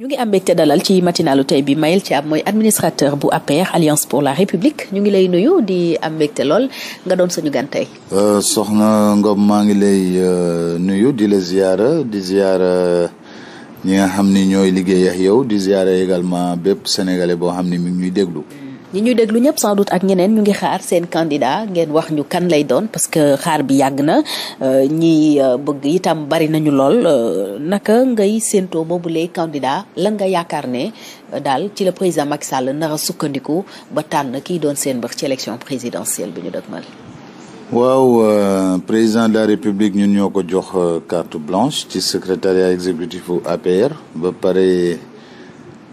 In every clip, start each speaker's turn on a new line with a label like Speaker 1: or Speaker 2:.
Speaker 1: ñu ngi am mbégte dalal ci matinalu tey bi Mayel Thiam mooy administrateur bu APR Alliance pour la République ñu ngi lay nuyu di am mbégte lool nga doon suñu gan tey.
Speaker 2: Euh, soxna Ngom maa ngi lay euh, nuyu di la ziyaara di ziyaara ñi nga xam ni ñooy liggéey yow di ziyaara également bépp sénégalais boo xam ni mi ngi ñuy déglu.
Speaker 1: ñi ñu déglu ñëpp sans doute ak ñeneen ñu ngi xaar seen candidat ngeen wax ñu kan lay doon parce que xaar bi yàgg na euh, ñi euh, bëgg itam bari nañu lool euh, naka ngay séentoo boobulee candidat la nga yaakaar ne daal ci la président Macky Sall nar sukkandiku ba tànn kiy doon seen mbër ci élection présidentielle bi ñu dëgmal.
Speaker 2: waaw président de la république ñun ñoo ko jox carte blanche ci secrétariat exécutif bu APR ba pare.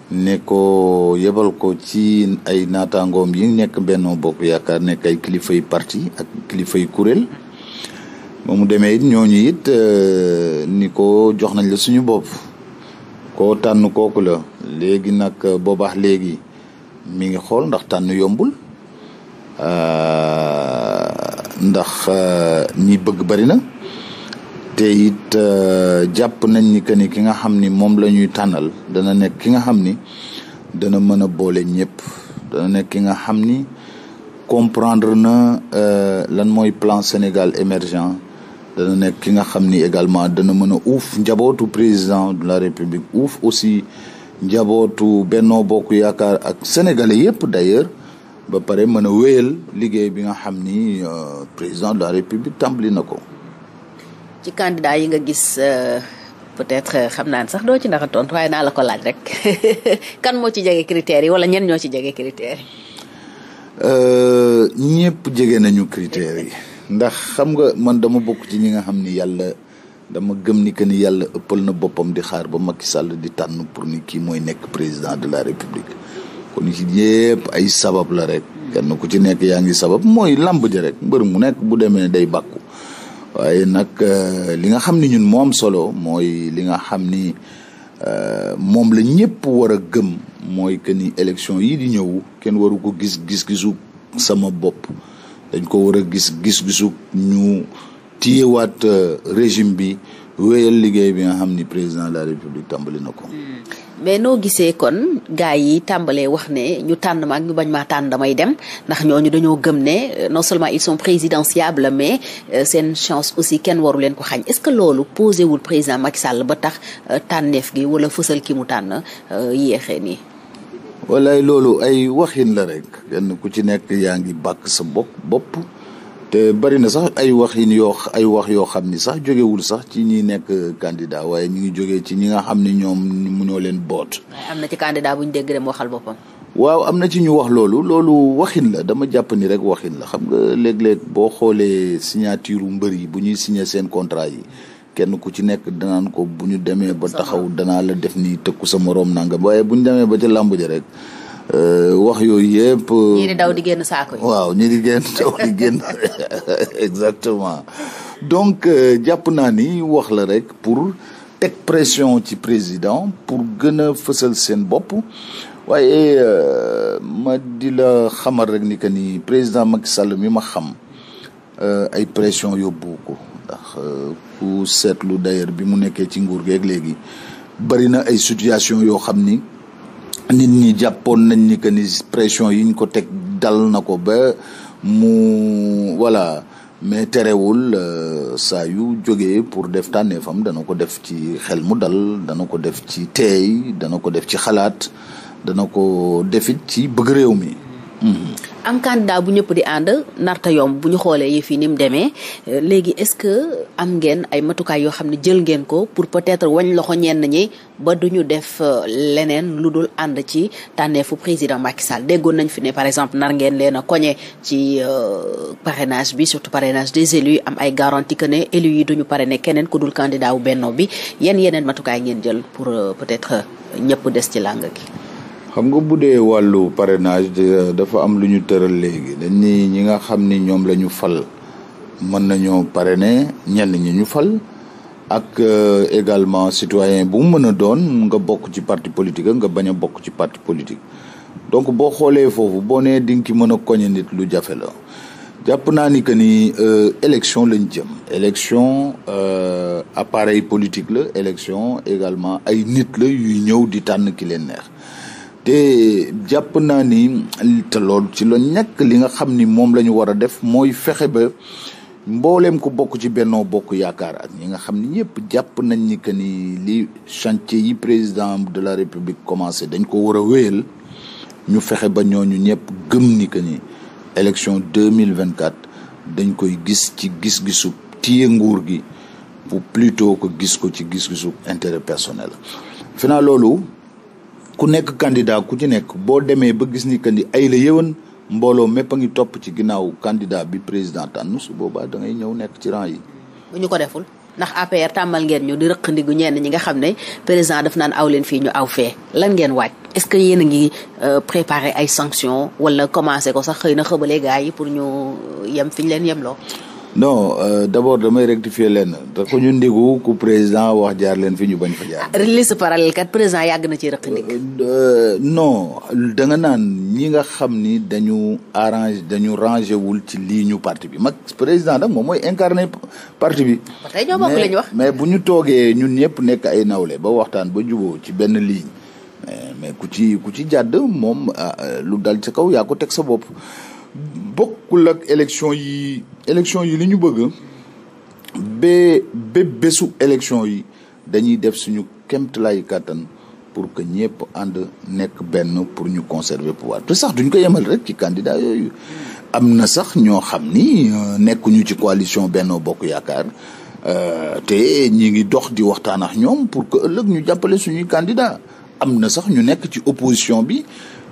Speaker 2: ne ko yebal ko ci ay naataangoom yi nekk Benno bopp Yaakaar nekk ay kilifay parti ak kilifay kuréel ba mu demee it ñooñu it euh, ni ko jox nañ la suñu bopp koo tànn kooku la léegi nag euh, boobaax léegi mi ngi xool ndax tànn yombul euh, ndax ñi bëgg bari na te it euh, jàpp nañ ni que ni ki nga xam ni moom la ñuy tànnal dana nekk ki nga xam ni dana mën a boole ñëpp dana nekk ki nga xam ni comprendre na euh, lan mooy plan Sénégal émergent dana nekk ki nga xam ni également dana mën a uuf njabootu président de la République uuf aussi njabootu Benno Bokk Yaakaar ak sénégalais yëpp d'ailleurs ba pare mën a wéyal liggéey bi nga xam ni euh, président de la République tàmbali na ko
Speaker 1: ci candidat yi nga gis euh, peut-être euh, xam naa ne sax doo ci ndax a tontu waaye naa la ko laaj rek kan moo ci jege critères yi wala ñen ñoo ci jege critères yi.
Speaker 2: Euh, ñëpp jege nañu critères ndax xam nga man dama bokk ci ñi nga xam ni yàlla dama gëm ni que ni yàlla ëppal na boppam di xaar ba mag Sall di tànn pour ni kii mooy nekk président de la République kon ci ay sabab la rek. Hmm. kenn ku ci nekk yaa ngi sabab mooy làmb ja rek mbër mu nekk bu demee ne day bàkku. waaye nag euh, li nga xam ni ñun moom solo mooy li nga xam ni euh, moom la ñëpp war a gëm mooy que ni élection yi di ñëw kenn waru ko gis gis-gisu sama bopp dañ ko war a gis gis gisuk ñu téyewaat euh, régime bi wéyal liggéey bi nga xam ni président de la république tàmbali na ko hmm.
Speaker 1: mais noo gisee kon gars yi tàmbalee wax ne ñu tànn ma ak ñu bañ maa tànn damay dem ndax ñooñu dañoo gëm ne euh, non seulement ils sont présidentiables mais euh, seen chance aussi kenn waru leen ko xañ est-ce que loolu posé wul président Macky Sall ba tax euh, tànneef gi wala fësal ki mu tànn
Speaker 2: yéexee nii. walaay loolu ay waxin la rek kenn ku ci nekk yaa ngi bàkk sa bopp bopp. te bari na sax ay wax yoo ay wax yoo xam ni sax jógewul sax ci ñi nekk kandidaa waaye ñu ngi jógee ci ñi nga xam ni ñoom mu ñoo leen boot.
Speaker 1: am na ci kandidaa bu ñu dégg dem waxal boppam.
Speaker 2: waaw am na ci ñu wax loolu loolu waxin la dama jàpp ni rek waxin la xam nga léeg-léeg boo xoolee signature yu mbër yi bu ñuy signé seen contrat yi. kenn ku ci nekk danaan ko bu ñu demee ba taxaw danaa la def nii tëkku sa moroom nangam waaye bu ñu demee ba ca làmb ja rek Euh, wax yooyu yëpp. Euh, ñii di
Speaker 1: daw di génn saako yi.
Speaker 2: waaw ñii di génn daw di génn exactement donc euh, jàpp naa ni wax la rek pour teg pression ci président pour gën a fësal seen bopp. waaye ma di la xamal rek ni que ni président Macky Sall mi ma xam ay pression yóbbu ko ndax ku seetlu d'ailleurs bi mu nekkee ci nguur geeg léegi bari na ay situation yoo xam ni. nit ñi jàppoon nañ ni que ni pression yi ñu ko teg dal na ko ba mu voilà mais terewul euh, saa yu jógee pour def tànneefam dana ko def ci xel mu dal dana ko def ci teey dana ko def ci xalaat dana ko defit ci bëgg réew mi
Speaker 1: am candidat bu ñëpp di ànd narta yomb bu ñu xoolee yëf yi ni mu demee euh, léegi est-ce que am ngeen ay matukaay yoo xam ne jël ngeen ko pour peut-être wañ loxo ñenn ñi ba du ñu def euh, leneen lu dul ànd ci fu président Macky Sall déggoon nañ fi ne par exemple nar ngeen leena a koñe ci euh, parrainage bi surtout parrainage des élus am ay garantie que ne élus yi duñu pare ne keneen ku dul candidat wu Benno bi yéen yeneen matukaay ngeen jël pour peut-être ñëpp des ci làng gi
Speaker 2: xam nga bu dee wàllu parrainage dafa am lu ñu tëral léegi dañ ni ñi nga xam ni ñoom la ñu fal mën nañoo ne ñenn ñi ñu fal ak euh, également citoyen bu mu mën a doon nga bokk ci parti politique nga bañ a bokk ci parti politique donc boo xoolee foofu boo nee dinga ki mën a koñe nit lu jafe la jàpp naa ni que ni euh, élection lañ jëm élection euh, appareil politique la élection également ay nit la yu ñëw di tànn ki leen neex te jàpp naa ni te loolu ci la ñàkk li nga xam ni moom la ñu war a def mooy fexe ba mbooleem ku bokk ci Benno Bokk Yaakaar ak ñi nga xam ni ñëpp jàpp nañ ni que ni li chantier yi président de la République commencé dañ ko war a wéyal ñu fexe ba ñooñu ñëpp gëm ni que ni élection deux mille vingt quatre dañ koy gis ci gis-gisu téye nguur gi pour plutôt que gis ko ci gis-gisu intéret personnel. final loolu. ku nekk candidat ku ci nekk boo demee ba gis ni que ni ay la yëwan mbooloo mépp a ngi topp ci ginnaaw candidat bi président tànn su boobaa da ñëw nekk ci rang yi.
Speaker 1: bu ñu ko deful ndax APR tàmmal ngeen ñu di rëq ndigu ñenn ñi nga xam ne président daf naan aw leen fii ñu aw fee lan ngeen waaj est-ce que yéen a ngi euh, préparer ay sanctions wala commencé ko sax xëy na xëbalee gars yi pour ñu euh, yem fi ñu leen loo
Speaker 2: non euh, d'abord damay rectifier lenn te ku ñu ndigu ku président wax jaar leen fi ñu bañ fa jaar.
Speaker 1: liste parallèle kat président yàgg na ci
Speaker 2: rëq ndig. Euh, euh, non da nga naan ñi nga xam ni dañu arrange dañu rangé wul ci lii ñu parti bi mag président nag moom mooy incarné parti bi.
Speaker 1: ba tey ñoo wax
Speaker 2: mais bu ñu toogee ñun ñëpp nekk ay nawle ba waxtaan ba juboo ci benn ligne mais ku ci ku ci jàdd moom ah, lu dal ci kaw yaa ko teg sa bopp. bokkul ak élection yi élection yi li ñu bëgg ba ba bésu élection yi dañuy def suñu kemtalaay kàttan pour que ñëpp ànd nekk benn pour ñu conserver pouvoir te sax duñ ko yemal rek ci candidat yooyu am na sax ñoo xam ni euh, nekkuñu ci coalition Benno Bokk Yaakaar euh, te ñi ngi dox di waxtaan ak ñoom pour que ëllëg ñu jàppale suñuy candidat am na sax ñu nekk ci opposition bi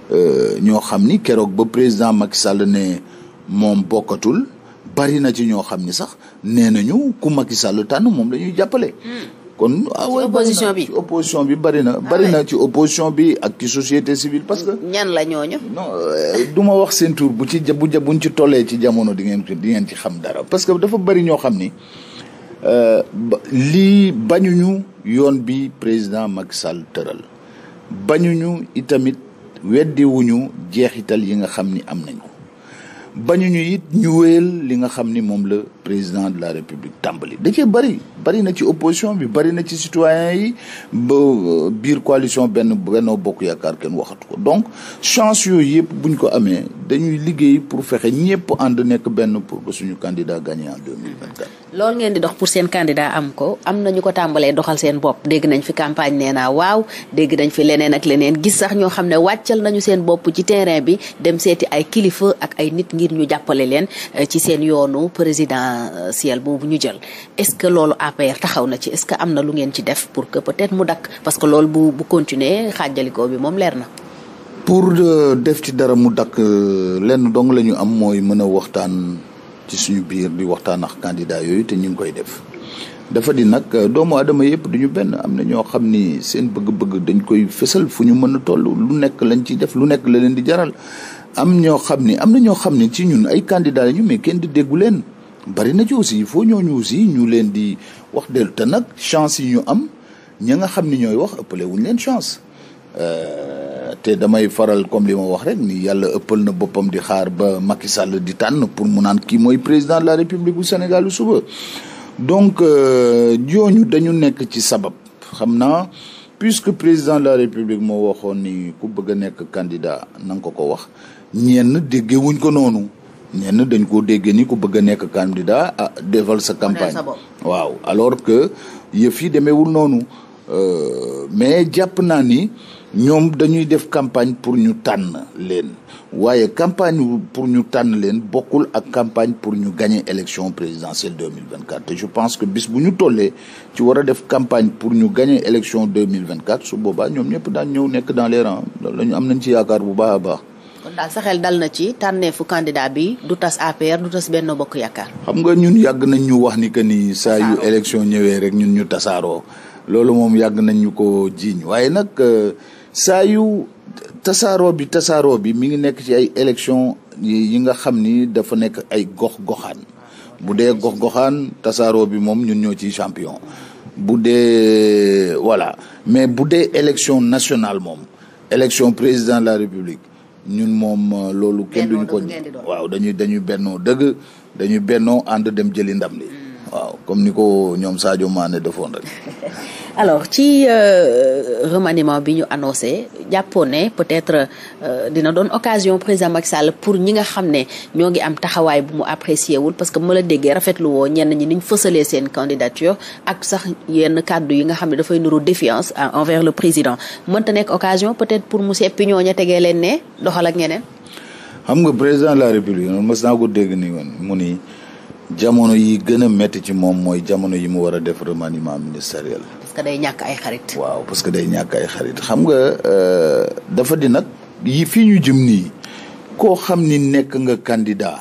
Speaker 2: Euh, ñoo xam ni keroog ba président Macky Sall ne moom bokkatul bari na ci ñoo xam ni sax nee nañu ku Macky Sall tànn moom la ñuy jàppale. Hmm. kon ah ouais, opposition bi opposition bi bari na ah bari na ci opposition bi ak ci société civile parce que. ñan la ñooñu. non euh, du ma wax seen tur bu ci bu buñ ci tollee ci jamono di ngeen di ngeen ci xam dara parce que dafa bari ñoo xam ni euh, lii bañuñu yoon bi président Macky Sall tëral bañuñu itamit weddi jeexital yi nga xam ni am nañ ko bañuñu it ñu wéyal li nga xam ni moom la président de la république tàmbali da cee bëri bëri na ci opposition bi bëri na ci citoyen yi euh, biir coalition benn Benno Bokk Yaakaar kenn waxatu ko donc chance yooyu yëpp buñ ko amee dañuy liggéey pour fexe ñëpp ànd nekk benn pour que suñu candidat gagné en 2024
Speaker 1: loolu ngeen di dox pour seen candidat am ko am nañu ko tàmbalee doxal seen bopp dégg nañ fi campagne nee naa waaw dégg nañ fi leneen ak leneen gis sax ñoo xam ne wàccal nañu seen bopp ci terrain bi dem seeti ay kilifa ak ay nit ngir ñu jàppale leen euh, ci seen yoonu présidentielle boobu ñu jël est-ce que loolu APR taxaw na ci est-ce que am na lu ngeen ci def pour que peut-être mu dakk parce que loolu bu bu continuer xaajalikoo bi moom leer na.
Speaker 2: pour euh, def ci dara mu dakk euh, lenn dong la ñu am mooy mën a waxtaan ci suñu biir di waxtaan ak candidat yooyu te ñu ngi koy def. dafa di nag euh, doomu aadama yëpp du ñu benn am na ñoo xam ni seen bëgg-bëgg dañ koy fësal fu ñu mën a toll lu nekk lañ ciy def lu nekk la leen di jaral am ñoo xam ni am na ñoo xam ni ci ñun ay bari na ci aussi il faut ñooñu aussi ñu leen di wax dellu te nag chance yi ñu am ñi nga xam ni ñooy wax ëppale wuñ leen chance euh, te damay faral comme li ma wax rek nii yàlla ëppal na boppam di xaar ba Macky sàll di tànn pour mu naan kii mooy président de la république bu Sénégal lu suba donc euh, ñooñu dañu nekk ci sabab xam naa puisque président de la république moo waxoon ni ku bëgg nekk kandidaa nanga ko ko wax ñenn déggewuñ ko noonu ñenn dañ koo dégg ni ku bëgg a nekk candidat ah defal sa campagne waaw alors que yëf yi demeewul noonu euh, mais jàpp naa ni ñoom dañuy def campagne pour ñu tànn leen waaye campagne pour ñu tànn leen bokkul ak campagne pour ñu gagner élection présidentielle 2024 te je pense que bis bu ñu tollee ci war a def campagne pour ñu gagner élection 2024 su boobaa ñoom ñëpp daan ñëw nekk dans les rangs loolu la ñu am nañ ci yaakaar bu baax a baax
Speaker 1: kon daal sa dal na ci tànneefu candidat bi du tas APR du tas Benno Bokk Yaakaar. xam nga
Speaker 2: ñun yàgg nañ ñu wax ni que nii saa yu élection ñëwee rek ñun ñu tasaaroo loolu moom yàgg nañ ñu ko jiiñ waaye nag euh, saa yu tasaaroo bi tasaaroo bi mi ngi nekk ci ay élection yi nga xam ni dafa nekk ay gox-goxaan bu dee gox-goxaan tasaaroo bi moom ñun ñoo ci champion bu dee voilà mais bu dee élection nationale moom élection président de la république ñun moom euh, loolu kenn duñu ko waaw dañuy dañuy bennoo dëgg dañuy bennoo ànd dem jëli ndam li mm. waaw comme ni ko ñoom Sadio Mané defoon rek
Speaker 1: alors ci euh, remaniement bi ñu annoncé jàppoon ne peut-être euh, dina doon occasion président Macky Sall pour ñi nga xam ne ñoo ngi am taxawaay bu mu apprécié wul parce que ma la déggee rafetlu woo ñenn ñi niñ fësalee seen candidature ak sax yenn kàddu yi nga xam ne dafay nuru défiance envers le président mënta nekk occasion peut-être pour mu seppi ñooña tegee leen ne doxal ak ñeneen.
Speaker 2: xam nga président de la république noonu mas naa ko dégg ni mu ni gën a métti ci moom mooy jamono yi mu war a def remaniement ministériel que day ñàkk ay xarit. waaw parce que day ñàkk ay xarit xam nga euh, dafa di nag yi fii ñu jëm nii koo xam ni nekk nga candidat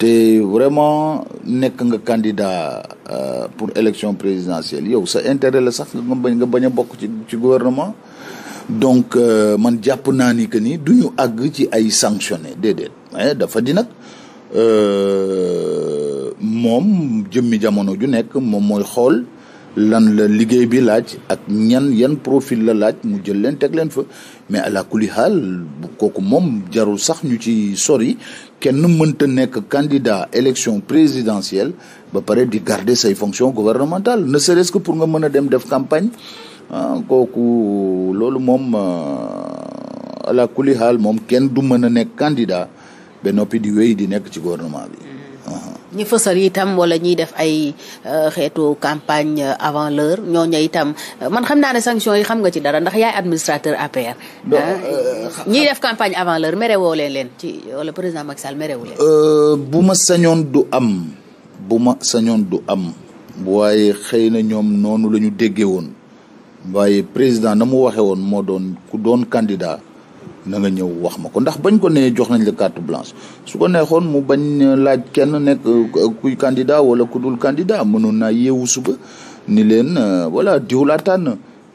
Speaker 2: te vraiment nekk nga candidat euh, pour élection présidentielle yow sa intérêt la sax nga bañ nga bañ a bokk ci ci gouvernement. donc euh, man jàpp naa ni que nii du ñu àgg ci ay sanctionné déedéet eh, dafa di nag moom jëmmi jamono ju nekk moom mooy xool. lan la liggéey bi laaj ak ñan yan profit la laaj mu jël leen teg leen fa mais ala kulli kooku moom jarul sax ñu ci sori kenn mënta nekk candidat élection présidentielle ba pare di garder say fonctions gouvernementales ne serait-ce que pour nga mën a dem def campagne ah kooku loolu moom ah, ala kulli moom kenn du mën a nekk candidat ba noppi di wéy di nekk ci gouvernement bi.
Speaker 1: ñi fësal itam wala ñiy def ay euh, xeetu campagne avant l'heure ñooñu itam euh, man xam naa ne sanction yi xam nga ci dara ndax yaay administrateur APR. Ah, euh, ñiy def campagne avant l'heure merewoo leen leen ci wala président Macky Sall merewu leen.
Speaker 2: bu ma sañoon du am bu ma sañoon du am waaye xëy na ñoom noonu la ñu déggee woon waaye président na mu waxee woon moo doon ku doon candidat. na nga ñëw wax ma ko ndax bañ ko ne jox nañ la carte blanche su ko neexoon mu bañ laaj kenn nekk euh, kuy candidat wala ku dul candidat mënoon naa yeewu suba ni leen euh, voilà diw laa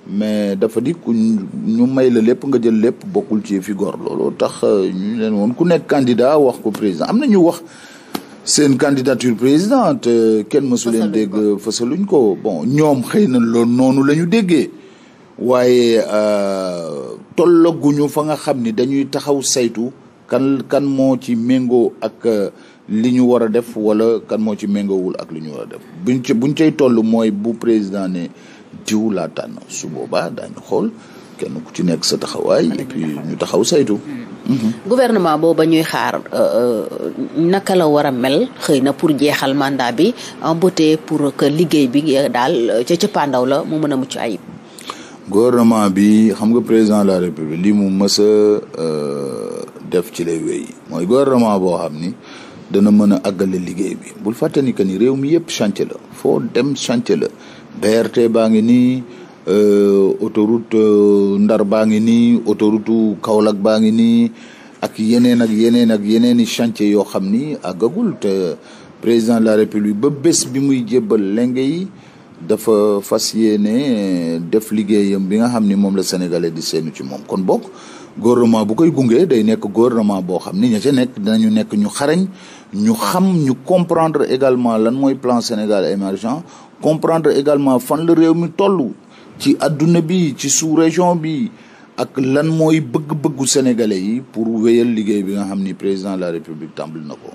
Speaker 2: mais dafa di ku ñu may la lépp nga jël lépp bokkul ci fi gor loolu tax euh, ñu leen woon ku nekk candidat wax ko président am na ñu wax seen candidature président te kenn mësu leen dégg fësaluñ ko bon ñoom xëy na loolu noonu la ñu déggee waaye. tolloguñu fa nga xam ni dañuy taxaw saytu kan kan moo ci méngoo ak euh, li ñu war a def wala kan moo ci méngoowul ak li ñu war a bu buñ ci buñ cay toll mooy bu président ne diw laa tànn su boobaa daañu xool kenn ku ci nekk sa taxawaay et puis ñu taxaw saytu hmm. mhm. gouvernement booba ñuy xaar euh,
Speaker 1: euh, naka la war a mel xëy na pour jeexal mandat bi en beauté pour que liggéey bi daal ca cëppaandaw la mu mën a mucc ayib
Speaker 2: gouvernement bi xam nga président de la république li mu mës a euh, def ci lay wéy mooy gouvernement boo xam ni dana mën a àggale liggéey bi bul fàtte ni que ni réew mi yëpp chantier la foo dem chantier la BRT baa ngi nii euh, autoroute euh, Ndar baa ngi nii autoroute Kaolack baa ngi nii ak yeneen ak yeneen ak yeneen i chantier yoo xam ni àggagul te président de la république ba bés bi muy jébbal lenge yi dafa fas yéene def liggéeyam bi nga xam ni moom la sénégalais di seenu ci moom kon bokk gouvernement bu koy gunge day nekk gouvernement boo xam ni ña ca nekk dinañu nekk ñu xarañ ñu xam ñu comprendre également lan mooy plan Sénégal émergent comprendre également fan la réew mi tollu ci adduna bi ci sous-région bi ak lan mooy bëgg-bëggu sénégalais yi pour wéyal liggéey bi nga xam ni président de la république tàmbali na ko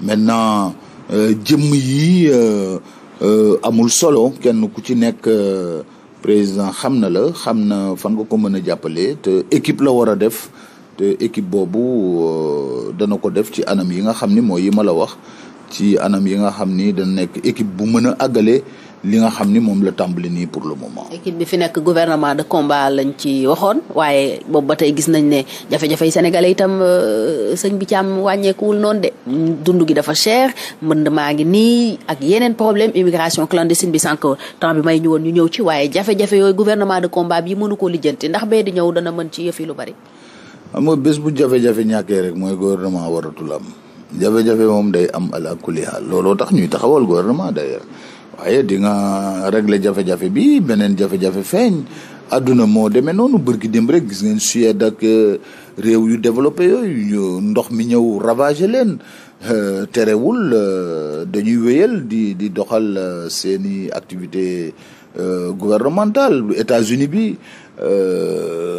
Speaker 2: maintenant euh, jëm yi euh, Euh, amul solo kenn ku ci nekk euh, président xam na la xam na fan nga ko mën a jàppale te équipe la war a def te équipe boobu euh, dana ko def ci anam yi nga xam ni mooy yi ma la wax ci anam yi nga xam ni dana nekk équipe bu mën a àggale li nga xam ni moom la tàmbali nii pour le moment. équipe
Speaker 1: bi fi nekk gouvernement de combat lañ ci waxoon waaye boobu ba tey gis nañ ne jafe-jafe yi sénégalais itam euh, sëñ bi Thiam wàññeekuwul noonu de dund gi dafa cher mbënd maa ngi nii ak yeneen problème immigration clandestine bi sànq temps may ñu woon ñu ñëw ci waaye jafe-jafe yooyu gouvernement de combat bi mënu ko lijjanti ndax bee di ñëw dana mën ci yëf yi lu bari.
Speaker 2: xam nga bés bu jafe-jafe ñàkkee rek mooy gouvernement waratul am jafe-jafe moom day am ala kulli haal looloo tax ñuy taxawal gouvernement d'ailleurs waaye dinga nga régler jafe-jafe bi beneen jafe-jafe feeñ àdduna moo demee noonu bërki démb rek gis ngeen Suède ak euh, réew yu développé yooyu ndox mi ñëw ravagé leen euh, terewul euh, dañuy wéyal di di doxal seeni activité gouvernementale États-Unis bi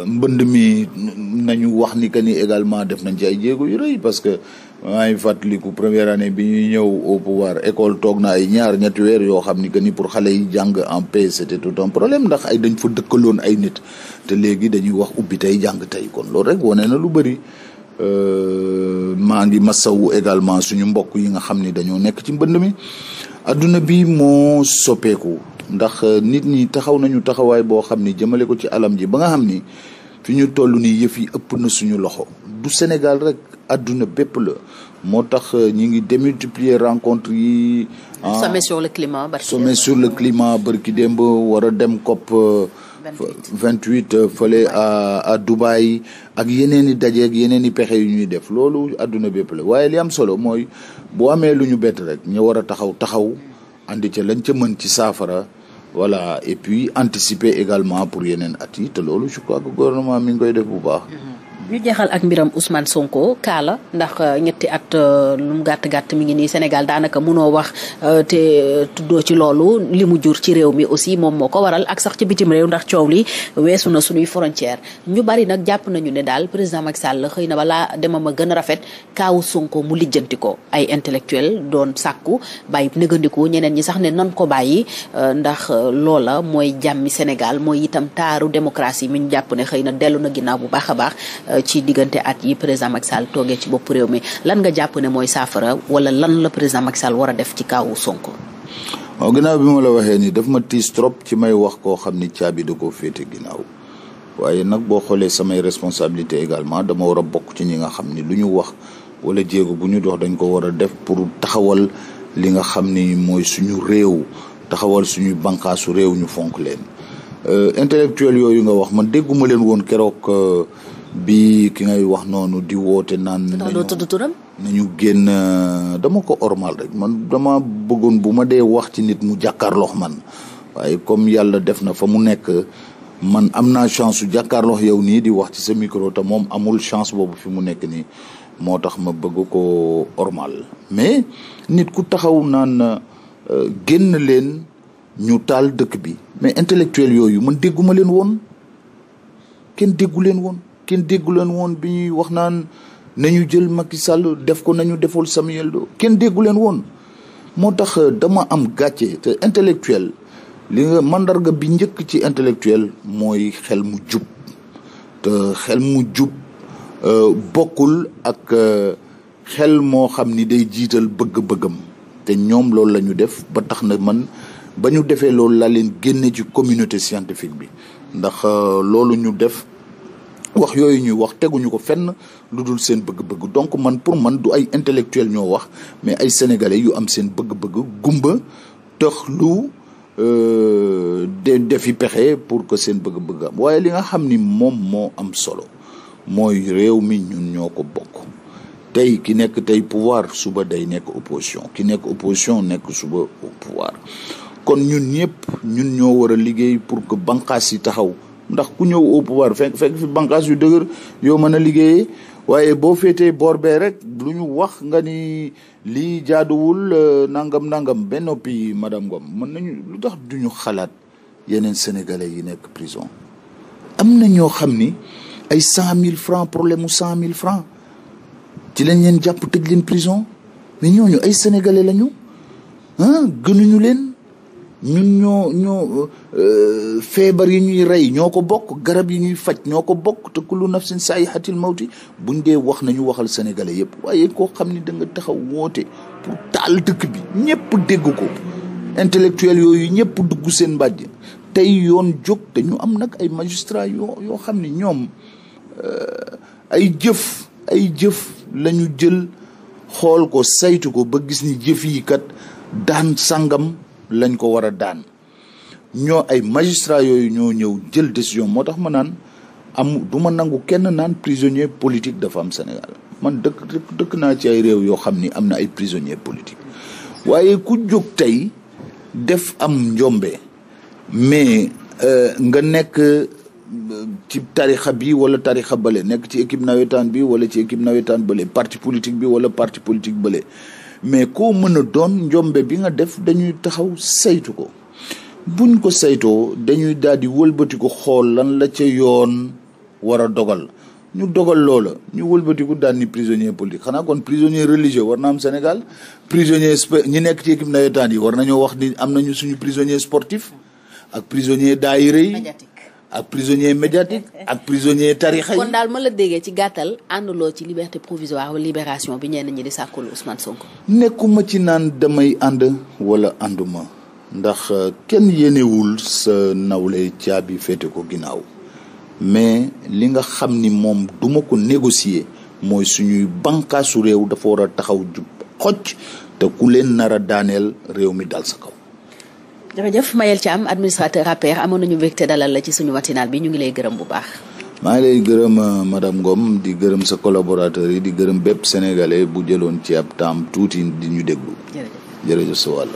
Speaker 2: mbënd mi nañu wax ni que ni également def nañ ci ay jéego yu rëy parce que maa ngi fàttaliku première année bi ñuy ñëw au pouvoir école toog na ay ñaar ñetti weer yoo xam ni que ni pour xale yi jàng en paix c'était tout un problème ndax ay dañ fa dëkkaloon ay nit te léegi dañuy wax ubbi tey jàng tey kon lool rek wane na lu bëri euh, maa ngi masawu également suñu mbokk yi nga xam ni dañoo nekk ci mbënn mi adduna bi moo soppeeku ndax nit ñi taxaw nañu taxawaay boo xam ni jëmale ko ci alam ji ba nga xam ni fi ñu toll nii yëf yi ëpp na suñu loxo Sénégal rek adduna bépp la moo tax euh, ñi ngi démultiplier rencontre yi. Ah, sommet
Speaker 1: sur le climat barki sur le
Speaker 2: climat barki démb war a dem COP. Euh, vingt euh, fële fale à Dubaï ak yeneen i daje ak yeneen i pexe yu ñuy def loolu adduna bépp la waaye li am solo mooy boo amee lu ñu bett rek ñu war a taxaw taxaw andi ca lañ ca mën ci saafara. wala et puis anticiper également pour yeneen at yi loolu je crois gouvernement mi ngi koy def bu baax. Mm-hmm.
Speaker 1: ñu jeexal ak mbiram Ousmane Sonko kaala ndax euh, ñetti at euh, lu mu gàtt gàtt mi ngi nii Sénégal daanaka mënoo wax euh, te tuddoo ci loolu li mu jur ci réew mi aussi moom moo ko waral ak sax ci bitim réew ndax coow li weesu na suñuy frontière ñu bari nag jàpp nañu ne daal président mag Sall xëy na balaa demam a gën a rafet kaawu Sonko mu lijjanti ko ay intellectuel doon sàkku bàyyi négandiku ñeneen ñi sax ne nan ko bàyyi ndax loola mooy jàmmi Sénégal mooy itam taaru démocratie mi ñu jàpp ne xëy na dellu na ginnaaw bu baax a baax. ci diggante at yi présent Macky Sall toogee ci bopp réew mi lan nga jàpp ne mooy saafara wala lan la président Macky Sall war a def ci kaawu Sonko.
Speaker 2: waaw ginnaaw bi ma la waxee ni daf ma tiis trop ci may wax koo xam ni caabi da ko féete ginnaaw waaye nag boo xoolee samay responsabilité également dama war a bokk ci ñi nga xam ni lu ñu wax wala jéego bu ñu dox dañ ko war a def pour taxawal li nga xam ni mooy suñu réew taxawal suñuy bànqaasu réew ñu fonk leen euh, intellectuel yooyu nga wax man dégguma leen woon keroog euh, bi ki ngay wax noonu di woote naan. nañu tudd turam. nañu génn euh, dama ko ormal rek man dama bëggoon bu ma dee wax ci nit mu jàkkaarloox man waaye comme yàlla def na fa mu nekk man am naa chance su jàkkaarloox yow nii di wax ci sa micro te moom amul chance boobu fi mu nekk nii moo tax ma bëgg ko ormal mais nit ku taxaw naan euh, génn leen ñu taal dëkk bi mais intellectuel yooyu man dégguma leen woon kenn déggu leen woon. kenn déggu leen woon bi ñuy wax naan nañu jël Macky Sall def ko nañu deful Samuel Doe kenn déggu leen woon moo tax euh, dama am gàcce te intellectuel li nga mandarga bi njëkk ci intellectuel mooy xel mu jub te xel mu jub euh, bokkul ak euh, xel moo xam ni day jiital bëgg-bëggam te ñoom loolu la ñu def ba tax na man ba ñu defee loolu la leen génne ci communauté scientifique bi ndax loolu ñu def wax yooyu ñuy wax teguñu ko fenn lu dul seen bëgg-bëgg donc man pour man du ay intellectuel ñoo wax mais ay sénégalais yu am seen bëgg-bëgg gumba tëx lu euh, de defi pexe pour que seen bëgg-bëgg am waaye li nga xam ni moom moo am solo mooy réew mi ñun ñoo ko bokk tey ki nekk tey pouvoir suba day nekk opposition ki nekk opposition nekk suba au pouvoir kon ñun ñëpp ñun ñoo war a liggéey pour que banqaas yi taxaw ndax ku ñëw au pouvoir fekk fekk fi bànqaas yu dëgër yoo mën a liggéeyee waaye boo féetee boor bee rek lu ñu wax nga ni lii jaaduwul euh, nangam nangam ba noppi madame Ngom mën nañu lu tax du ñu xalaat yeneen sénégalais yi nekk prison. am na ñoo xam ni ay cent mille francs problème mu cent mille francs ci lañ leen jàpp tëj leen prison mais ñooñu ay sénégalais lañu ah gënuñu leen. ñun ñoo ñoo euh, feebar yi ñuy rey ñoo ko bokk garab yi ñuy faj ñoo ko bokk te saa nafsin saayihatil mawti bu dee wax nañu waxal sénégalais yëpp waaye koo xam ni da nga taxaw woote pour taal dëkk bi ñëpp dégg ko intellectuel yooyu ñëpp dugg seen mbàjj tey yoon jóg te ñu am nag ay magistrat yoo yoo xam ni ñoom euh, ay jëf ay jëf lañu jël xool ko saytu ko ba gis ni jëf yi kat daan sangam lañ ko war a daan ñoo ay magistrat yooyu ñoo ñëw jël décision moo tax ma naan am du ma nangu kenn naan prisonnier politique dafa am Sénégal man dëkk dëkk naa ci ay réew yoo xam ni am na ay prisonnier politique waaye ku jóg tey def am njombe mais euh, nga nekk euh, ci tarixa bi wala tarixa bële nekk ci équipe nawetaan bi wala ci équipe nawetaan bële parti politique bi wala parti politique bële mais koo mën a doon njombe bi nga def dañuy taxaw saytu ko buñ ko saytoo dañuy daal di wëlbatiku xool lan la ca yoon war a dogal ñu dogal loola ñu wëlbatiku daal ni prisonnier politique xanaa kon prisonnier religieux war na am Sénégal prisonnier ñi nekk ci nawetaan yi war nañoo wax ni am nañu suñu prisonnier sportif ak prisonnier daayira yi ak prisonnier médiatique ak prisonnier tarixa yi. kon daal
Speaker 1: ma la déggee ci gàttal ànduloo ci liberté provisoire wala libération bi ñenn ñi di sàkkul Ousmane Sonko.
Speaker 2: nekkuma ci naan damay ànd wala ànduma ndax euh, kenn yéenewul sa nawle caabi féete ko ginnaaw mais li nga xam ni moom duma ko négocier mooy suñuy bànqaasu réew dafa war a taxaw jub xocc te ku leen nar daaneel réew mi daal sa kaw.
Speaker 1: jërëjëf Mayel Thiam administrateur APR amoon nañu mbégte dalal la ci suñu watinaal bi ñu ngi lay gërëm bu baax.
Speaker 2: maa ngi lay gërëm euh, madame Ngom di gërëm sa collaborateur yi di gërëm bépp sénégalais bu jëloon ci ab tuuti di ñu déglu. jërëjëf jërëjëf